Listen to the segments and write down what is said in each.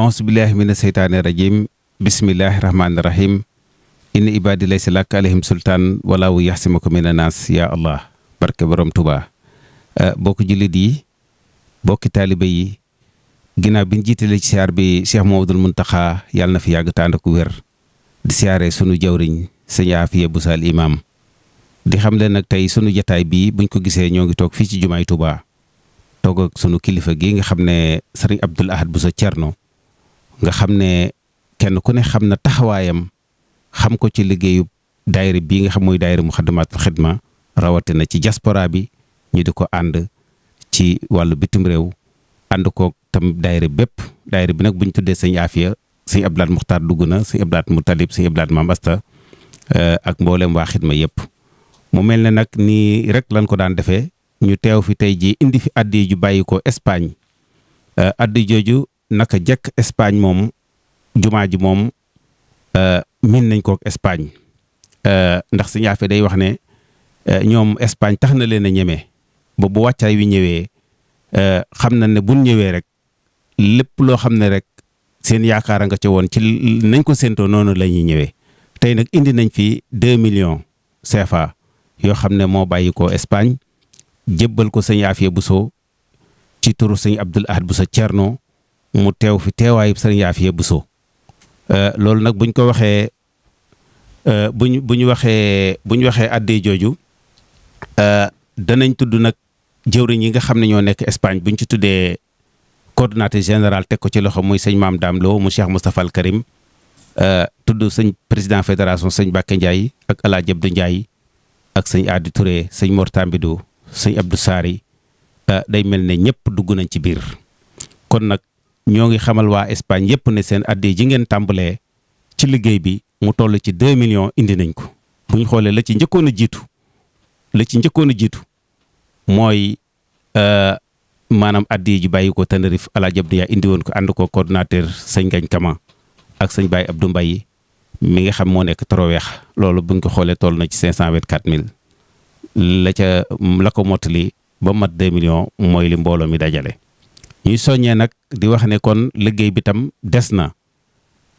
ausbillahi mina seytaani rajim bismillahi rahmaani rahim inni ibaadi laysa lak alayhim sultaan wala wu yaxsimako mina naas yaa allah barke borom tubaa eh, bokki jullit yi bokki taalibe yi bi ñu jiitale ci siyaar bi Cheikh Mamadul Muntaxa yàlla na fi yàgg tànd ku wér di siyaare sunu jawriñ sëñ Afiya Busaal imaam di xam leen nag tey sunu jataay bii buñ ko gisee ñoo ngi toog fii ci jumaay Touba toog sunu kilifa gi nga xam ne sëriñ Abdul nga xam ne kenn ku ne xam na taxawaayam xam ko ci liggéeyu daayira bii nga xam muy mooy mu Muxaddamaatul Xidma rawatina ci diaspora bi ñu di ko ànd ci wàllu bitim réew ànd kook tam daayira bépp daayira bi nag bu ñu tuddee sëñ Afia sëñ Abdoulaat Muxtaar dugg na sëñ Abdoulaat Mutalib sëñ Abdoulaat Maam Asta eh, ak mboolem waa xidma yëpp mu mel ne nag nii rek lañ ko daan defee ñu teew fi tey ji indi fi addi bàyyi ko Espagne eh, addi naka jekk Espagne moom jumaa ji moom euh, min nañ kook Espagne euh, ndax si ñaafe day wax ne euh, ñoom Espagne tax na leen a ñeme ba bu wàccaay wi ñëwee xam na ne buñ ñëwee rek lépp loo xam ne rek seen yaakaar nga ca woon ci nañ ko séentoo noonu la ñuy ñëwee tey nag indi nañ fi deux millions CFA yoo xam ne moo bàyyi ko Espagne jébbal ko sëñ bu Bousso ci turu sëñ Abdoul Ahad Bousso Thierno mu teew fi teewaayub sëriñ Yaafiya Buso euh, loolu nag buñ ko waxee euh, buñ buñ waxee buñ waxee àddee jooju euh, danañ tudd nag jëwriñ yi nga xam ne ñoo nekk Espagne buñ ci tuddee coordonnateur général teg ko ci loxo muy sëñ Maam Daam Lo mu Cheikh Moustapha Al Karim tudd sëñ président fédération sëñ Bakke Ndiaye ak El Hadj Abdou Ndiaye ak sëñ Adi Touré sëñ Mor Tambidou sëñ Abdou day mel ne ñëpp dugg nañ ci biir kon nag ñoo ngi xamal waa Espagne yépp ne seen addi ji ngeen tàmbalee ci liggéey bi mu toll ci 2 million indi nañ ko bu ñu xoolee la ci njëkkoon a jiitu la ci njëkkoon jiitu mooy euh, maanaam addi ji bàyyi ko Tenerife Alaaji Abdu yaa indi woon ko ànd ko coordonnateur sëñ Gañ Kama ak sëñ ab du Mbaye mi nga xam moo nekk Toroweex loolu bu ñu ko xoolee toll na ci 524000 la ca la ko mottali ba mat 2 million mooy li mbooloo mi dajale. ñuy soññee nag di wax ne kon liggéey bi tam des na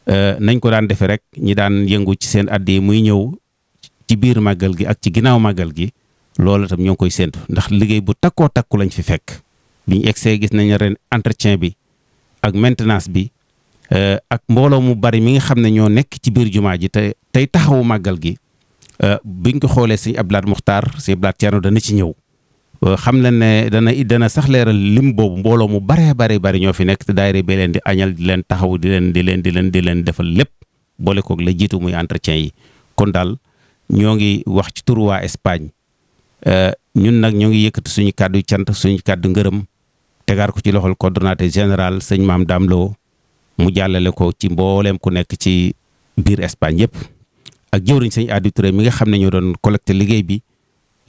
euh, nañ ko daan defee rek ñi daan yëngu ci seen addi muy ñëw ci biir màggal gi ak ci ginnaaw màggal gi loolu tam ñoo ngi koy séentu ndax liggéey bu takkoo takku lañ fi fekk bi ñu egg see gis nañ ren entretien bi ak maintenance bi euh, ak mbooloo mu bari mi nga xam ne ñoo nekk ci biir jumaa ji te tey taxawu màggal gi euh, biñ ko xoolee sëñ Abdou Lahad Muxtaar sëñ Abdou Lahad Thierno dana ci ñëw xam leen ne dana dana sax leeral lim boobu mbooloo mu baree bari bari ñoo fi nekk te daayira di añal di leen taxaw di leen di leen di leen di leen defal lép boole koog la jiitu muy entretien yi kon daal ñoo ngi wax ci turu waa Espagne euh, ñun nag ñoo ngi yëkkati suñu kàddu cant suñu kàddu ngërëm tegaar ko ci loxol coordonnateur général sëñ Maam Dame loo mu jàllale ko ci mbooleem ku nekk ci biir Espagne yëpp ak jëwriñ sëñ Adi mi nga xam ne ñoo doon collecté liggéey bi.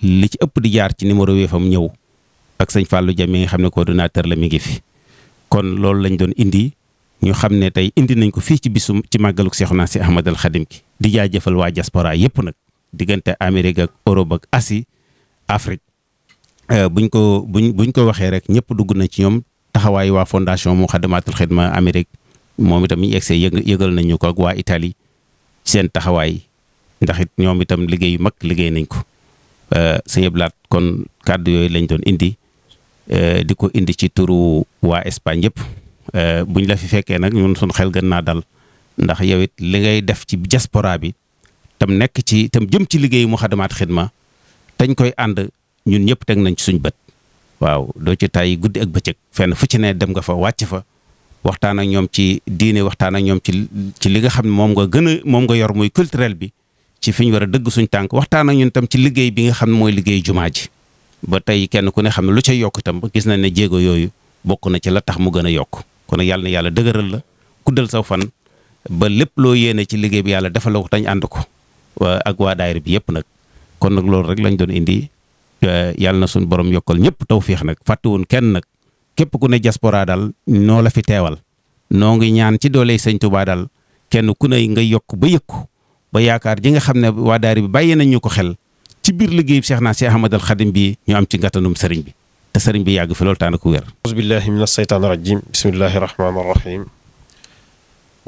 li ci ëpp di jaar ci numéro Wave-am ñëw ak sëñ Fallou Dia mi nga xam ne coordonnateur la mi ngi fi kon loolu lañ doon indi ñu xam ne tey indi nañ ko fii ci bisum ci màggaluk Seexuna si Ahmadal Xadim ki di jëfal waa diaspora yëpp nag diggante Amérique ak Europe ak Asie Afrique euh, buñ ko buñ buñ ko waxee rek ñëpp dugg na ci ñoom taxawaay waa fondation Muxaddamatul Xidma Amérique moom itam ñu egsee yëg yëgal nañu ko ak waa Italie seen taxawaay ndax it ñoom itam liggéey yu mag liggéey nañ ko Euh, sëñ Abdou Lahat kon kàddu yooyu lañ doon indi euh, di ko indi ci turu waa Espagne yëpp euh, buñ la fi fekkee nag ñun suñ xel gën naa dal ndax yow it li ngay def ci jaspora bi tam nekk ci tam jëm ci liggéeyu Moukhaddamatoul Khidma dañ koy ànd ñun ñëpp teg nañ ci suñ bët waaw doo ci tàyyi guddi ak bëccëg fenn fu ci ne dem nga fa wàcc fa waxtaanak ñoom ci diine waxtaan ak ñoom ci ci li nga xam ne moom nga gën a moom nga yor muy culturel bi ci fi ñu war a dëgg suñ tànk waxtaan ak ñun tam ci liggéey bi nga xam ne mooy liggéey jumaa ji ba tey kenn ku ne xam ne lu ca yokk itam gis nañ ne jéego yooyu bokk na ci la tax mu gën a yokk kon nag yàlla yàlla dëgëral la kuddal saw fan ba lépp loo yéene ci liggéey bi yàlla defal la ko tañ ànd ko ak waa daayira bi yëpp nag kon nag loolu rek lañ doon indi yàlla na suñ borom yokkal ñëpp tawféex nag fàttiwoon kenn nag képp ku ne diaspora daal noo la fi teewal noo ngi ñaan ci doole sëñ Tuubaa daal kenn ku ne nga yokk ba yëkku ba yaakaar ji nga xam ne waa daari bi bàyyi nañ ñu ko xel ci biir liggéey bi Cheikh naa Cheikh Ahmadal Xadim bi ñu am ci gàttanum sëriñ bi te sëriñ bi yàgg fi loolu taana ko wér auzu billahi min asaytaan rajim bismillahi rahmaani rahim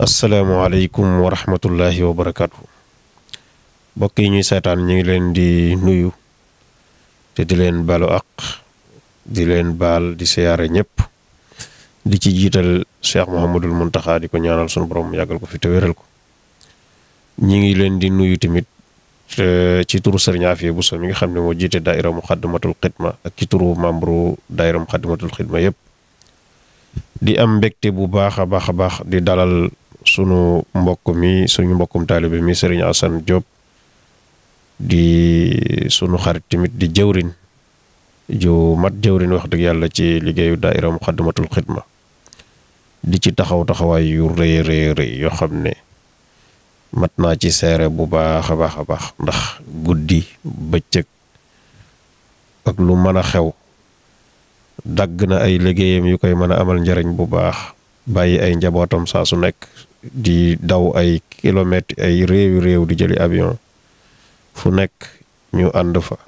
asalaamaaleykum wa rahmatullahi wa barakaatu mbokk yi ñuy seetaan ñu ngi leen di nuyu te di leen balu aq di leen baal di siyaare ñëpp di ci jiital Cheikh Mouhamadul Muntaxa di ko ñaanal sunu borom yàggal ko fi te ko ñi ngi leen di nuyu tamit euh, ci turu Serigne bu so mi nga xam ne moo jiite daaira Muxaddamatul Xidma ak ci turu membre daaira Muxaddamatul Xidma yëpp di am mbégte bu baax a baax a baax di dalal sunu mbokk mi suñu mbokkum taalibe mi Serigne san Diop di sunu xarit tamit di jëwrin ju mat jëwrin wax dëgg yàlla ci liggéeyu daaira Muxaddamatul Xidma di ci taxaw taxawaay yu rëy rëy yoo xam ne mat naa ci seere bu baax a baax a baax ndax guddi bëccëg ak lu mën a xew dagg na ay liggéeyam yu koy mën a amal njariñ bu baax bàyyi ay njabootam saa su nekk di daw ay kilomètres ay réewi réew di jëli avion fu nekk ñu ànd fa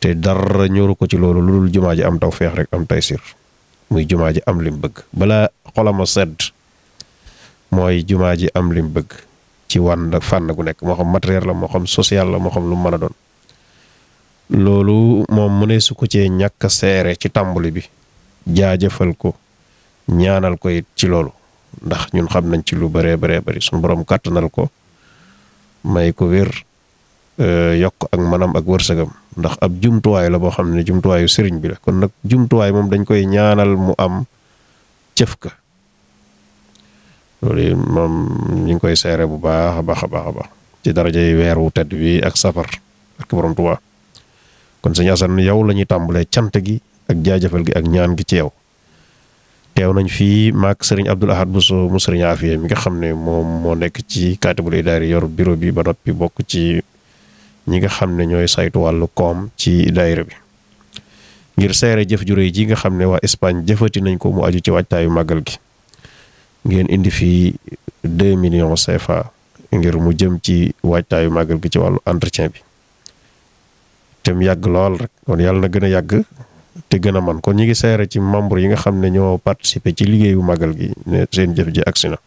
te dara ñoru ko ci loolu lu dul jumaa ji am daw feex rek am tay muy jumaa ji am lim xolama sedd mooy jumaa ji am lim bëgg ci wànn fànn gu nekk moo xam matériel la moo xam social la moo xam lu mën a loolu moom mu ne su ko cee ñàkk seere ci tàmbali bi jaajëfal ko ñaanal ko it ci loolu ndax ñun xam nañ ci lu bëree bëree bari suñu borom kàttanal ko may ko wér e, yokk ak manam ak wërsëgam ndax ab jumtuwaay la boo xam ne jumtuwaayu sëriñ bi la kon nag jumtuwaay moom dañ koy ñaanal mu am cëf ka loolu moom ñu ngi koy seere bu baax a baax a baax a baax ci daraja yi weer wu tedd bi ak safar ak borom Tuubaa kon sëñ Asan yow la ñuy tàmbalee cant gi ak jaajëfal gi ak ñaan gi ci yow teew nañ fii maak sëriñ Abdul Ahad Bousso mu sëriñ Afiya mi nga xam ne moom moo nekk ci kaatibul idaari yor bureau bi ba noppi bokk ci ñi nga xam ne ñooy saytu wàllu koom ci daayira bi ngir seere jëf ju réy ji nga xam ne waa Espagne jëfati nañ ko mu aju ci waajtaayu màggal gi ngeen indi fii deux millions CFA ngir mu jëm ci waajtaayu màggal gi ci wàllu entretien bi te mu yàgg lool rek kon yàlla na gën a yàgg te gën a man kon ñi ngi seere ci membre yi nga xam ne ñoo participer ci liggéeyu màggal gi ne seen jëf ji agsi na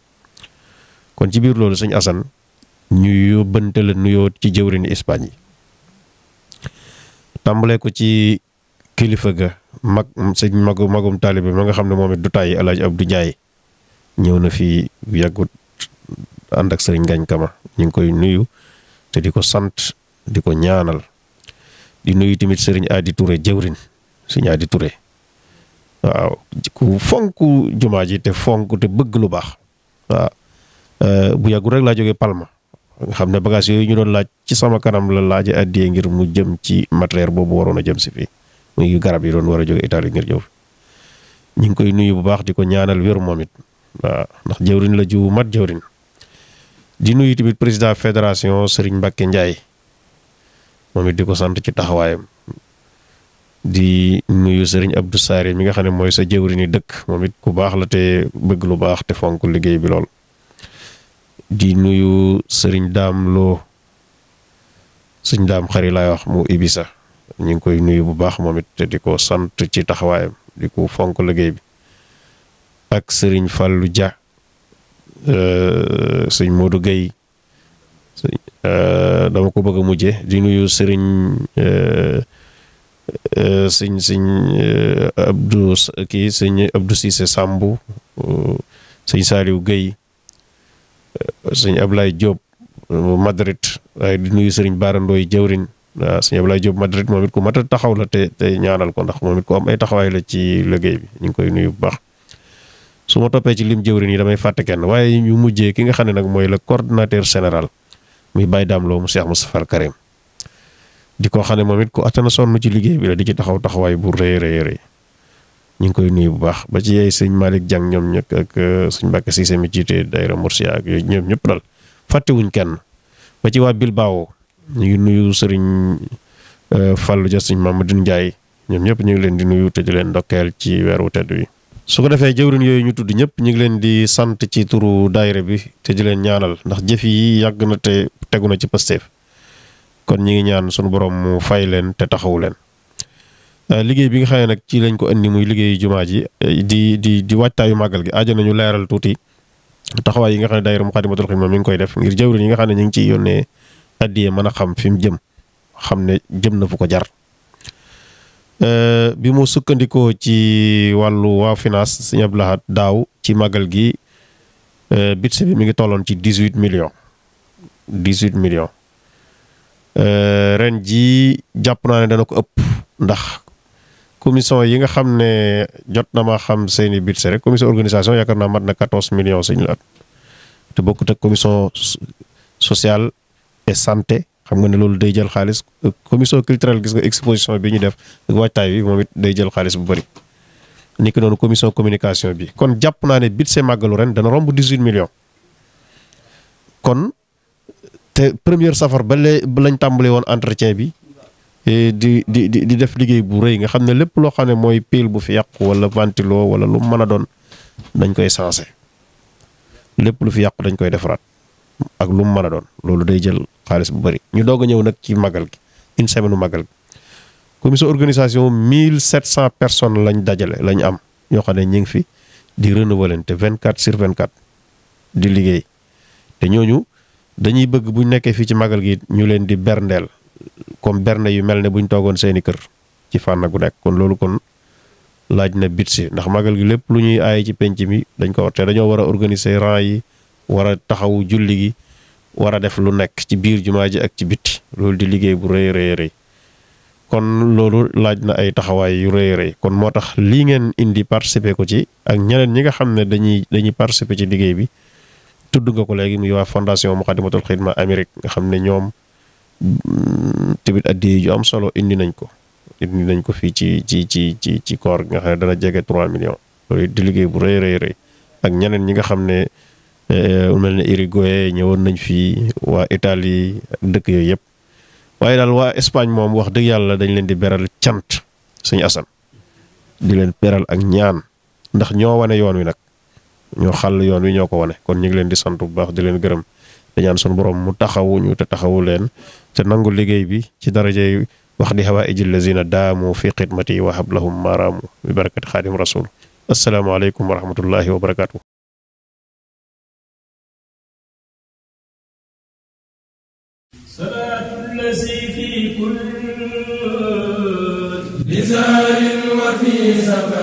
kon ci biir loolu sëñ Assane ñu yóbbante la nuyoo ci jëwrini Espagne yi tàmbalee ko ci kilifa ga mag sëñ magu magum taalibe ma nga xam ne moom it du tàyyi Alaaji Abdu Njaay ñëw na fii yàggut ànd ak sëriñ Ngagne Kama ñu ngi koy nuyu te di ko sant di ko ñaanal di nuyu tamit sëriñ Adi Touré jëwrin sëriñ Adi Touré waaw ku fonk jumaa ji te fonk te bëgg lu baax waaw euh, bu yàggut rek laa jógee Palma nga xam ne bagages yooyu ñu doon laaj ci sama kanam la laaje àddiyee ngir mu jëm ci matériel boobu waroon a jëm si fii muy garab yi doon war a jóge Italie ngir ñëw ñu ngi koy nuyu bu baax di ko ñaanal wér moomit waaw ndax jëwriñ la ju mat jëwriñ di nuyu tamit président fédération Serigne Mbacke Ndiaye moom it di ko sant ci taxawaayam di nuyu sëriñ Abdou Sare mi nga xam ne mooy sa jëwriñu dëkk moom it ku baax la te bëgg lu baax te fonk liggéey bi lool. di nuyu sëriñ daam loo Serigne daam xari laay wax mu Ibisa ñu ngi koy nuyu bu baax moom it di ko sant ci taxawaayam di ko fonk liggéey bi. ak sëriñ Fallou Dia euh, sëñ Modou Guèye euh, dama ko bëgg a mujje di nuyu sëriñ euh, sëñ sëñ Abdou kii sëñ Abdou Cissé Sambou sëñ Saliou Guèye sëñ Ablaye Diop Madrid waaye di nuyu sëriñ Barandooy jëwrin waaw sëñ Ablaye Diop Madrid moom it ku mat taxaw la te te ñaanal ko ndax moo it ku am ay taxawaay la ci liggéey bi ñu ngi koy nuyu bu baax su ma toppee ci lim jëwriñ yi damay fàtte kenn waaye ñu mujjee ki nga xam ne nag mooy le coordonnateur général muy Baye daam loo mu Cheikh mu safar Karim di ko xam ne moom it ku attana sonn ci liggéey bi la di ci taxaw taxawaay bu rëy rëy rëy ñu ngi koy nuyu bu baax ba ci yeey sëñ Malick Diang ñoom ñëpp ak euh, sëñ Mbacke Cissé mi jiite daayira ak yooyu ñoom ñëpp daal fàttewuñ kenn ba ci waa Bilbao ñu ngi nuyu sëriñ euh, Fallou Dia sëñ Mamadou Ndiaye ñoom ñëpp ñu ngi leen di nuyu te di leen ndokkeel ci weeru tedd wi su ko defee jëwrin yooyu ñu tudd ñëpp ñu ngi leen di sant ci turu daayira bi te di leen ñaanal ndax jëf yi yàgg na te tegu na ci Pastef kon ñu ngi ñaan sunu borom mu fay leen te taxawu leen euh, liggéey bi nga xam ne nag ci lañ ko indi muy liggéeyu jumaa ji euh, di di di waajtaayu màggal gi aajo nañu leeral tuuti taxawaay yi nga xam ne daayira Muxaddamatul Xidma mi ngi koy def ngir jëwrin yi nga xam ne ñu ngi ciy yónnee addiyee mën a xam fi mu jëm xam ne jëm na fu ko jar Euh, bi mu sukkandikoo ci wàllu waa finance Sëñ Abdou daaw ci màggal gi euh, budget bi mi ngi tolloon ci dix huit millions dix huit millions euh, ren ji jàpp naa ne dana ko ëpp ndax commission yi nga xam ne jot na ma xam seeni budget rek commission organisation yaakaar naa mat na quatorze millions sëñ la at te bokkut ak commission sociale et santé xam nga ne loolu day jël xaalis euh, commission culturelle gis nga exposition bi ñu def waajtaay bi moom it day jël xaalis bu bëri. ni ki noonu commission communication bi kon jàpp naa ne budget màggalu ren dana romb dix huit millions kon te première safar ba lee ba lañ tàmbalee woon entretien bi e, di di di def liggéey bu rëy nga xam ne lépp loo xam ne mooy pile bu fi yàqu wala ventilo wala lu mu mën a doon dañ koy sensé lépp lu fi yàqu dañ koy defaraat ak lu mën a doon loolu day jël xaalis bu bari ñu doog a ñëw nag ci magal gi une semaine magal gi sa organisation 1700 personnes lañ dajale lañ am ñoo xam ne ñu ngi fi di renouveler te 24 sur 24 di liggéey te ñooñu dañuy bëgg buñ nekkee fii ci magal gi ñu leen di berndeel comme bernde yu mel ne buñ toogoon seeni kër ci fànn gu nekk kon loolu kon laaj na bit si ndax magal gi lépp lu ñuy aaye ci penc mi dañ ko war te dañoo war a organiser rang yi war taxawu taxaw julli gi war a def lu nekk ci biir jumaa ji ak ci biti loolu di liggéey bu rëy rëy kon loolu laaj na ay taxawaay yu rëy rëy kon moo tax lii ngeen indi participer ko ci ak ñeneen ñi nga xam ne dañuy dañuy participer ci liggéey bi tudd nga ko léegi muy waa fondation Muqaddimatul Xidma Amérique nga xam ne ñoom mm, tamit addi ju am solo indi nañ ko indi nañ ko fii ci ci ci ci ci koor gi nga xam ne dana jege 3 millions loolu di liggéey bu rëy rëy ak ñeneen ñi nga xam ne Eh, mel ne Uruguay ñëwoon nañ fii waa itali dëkk yooyu yëpp waaye daal waa Espagne moom wax dëgg yàlla dañ leen di beral cant suñu asan di leen beral ak ñaan ndax ñoo wane yoon wi nag ñoo xàll yoon wi ñoo ko wane kon ñu ngi leen di sant bu baax di leen gërëm dañaan ñaan suñu borom mu taxawuñu te taxawu leen te nangu liggéey bi ci daraje wax di xawaa ijil lazina daamu fi xidmati wa hablahum maaraamu bi barakati xaadim rasul asalaamaaleykum wa rahmatullahi wa barakaatu. كل بزار وفي سفر